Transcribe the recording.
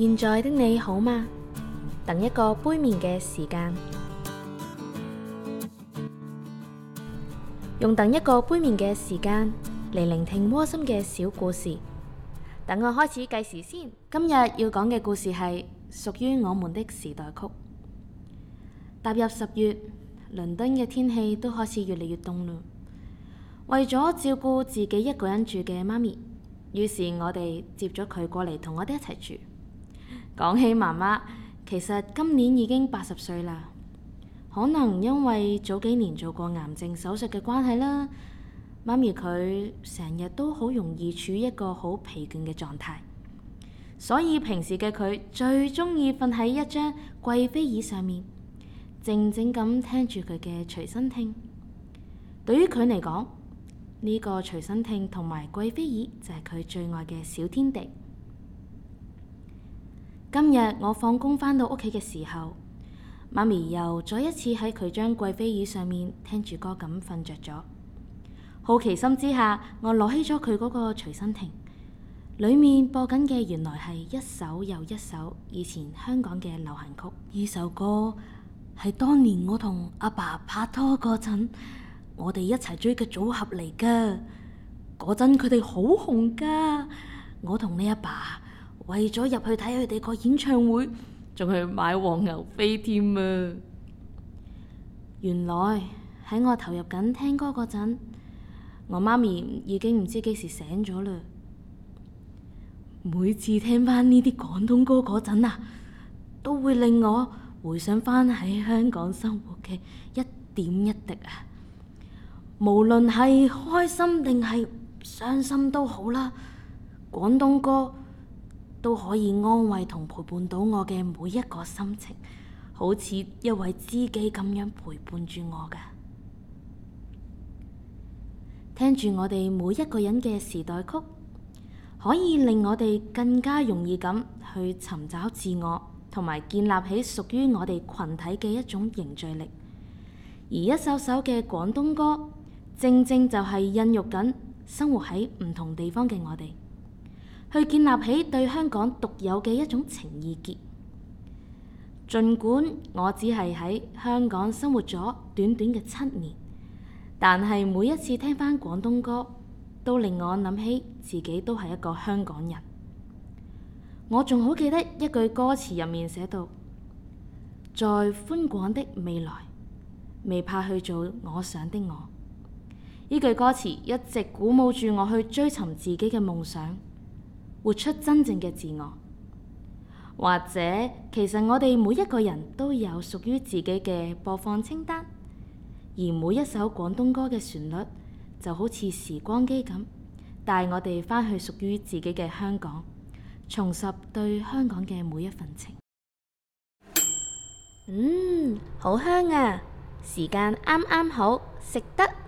現在的你好嗎？等一個杯麵嘅時間，用等一個杯麵嘅時間嚟聆聽窩心嘅小故事。等我開始計時先。今日要講嘅故事係屬於我們的時代曲。踏入十月，倫敦嘅天氣都開始越嚟越凍咯。為咗照顧自己一個人住嘅媽咪，於是我哋接咗佢過嚟同我哋一齊住。講起媽媽，其實今年已經八十歲啦。可能因為早幾年做過癌症手術嘅關係啦，媽咪佢成日都好容易處於一個好疲倦嘅狀態，所以平時嘅佢最鍾意瞓喺一張貴妃椅上面，靜靜咁聽住佢嘅隨身聽。對於佢嚟講，呢個隨身聽同埋貴妃椅就係佢最愛嘅小天地。今日我放工返到屋企嘅時候，媽咪又再一次喺佢張貴妃椅上面聽住歌咁瞓着咗。好奇心之下，我攞起咗佢嗰個隨身聽，裏面播緊嘅原來係一首又一首以前香港嘅流行曲。呢首歌係當年我同阿爸，爸拍拖嗰陣，我哋一齊追嘅組合嚟噶。嗰陣佢哋好紅噶，我同你阿爸。為咗入去睇佢哋個演唱會，仲去買黃牛飛添啊！原來喺我投入緊聽歌嗰陣，我媽咪已經唔知幾時醒咗啦。每次聽返呢啲廣東歌嗰陣啊，都會令我回想返喺香港生活嘅一點一滴啊！無論係開心定係傷心都好啦，廣東歌。都可以安慰同陪伴到我嘅每一個心情，好似一位知己咁樣陪伴住我嘅。聽住我哋每一個人嘅時代曲，可以令我哋更加容易咁去尋找自我，同埋建立起屬於我哋群體嘅一種凝聚力。而一首首嘅廣東歌，正正就係孕育緊生活喺唔同地方嘅我哋，去建立起對香港獨有嘅一種情意結。儘管我只係喺香港生活咗短短嘅七年，但係每一次聽返廣東歌，都令我諗起自己都係一個香港人。我仲好記得一句歌詞入面寫到：在寬廣的未來，未怕去做我想的我。呢句歌詞一直鼓舞住我去追尋自己嘅夢想。活出真正嘅自我，或者其實我哋每一個人都有屬於自己嘅播放清單，而每一首廣東歌嘅旋律就好似時光機咁，帶我哋翻去屬於自己嘅香港，重拾對香港嘅每一份情。嗯，好香啊！時間啱啱好，食得。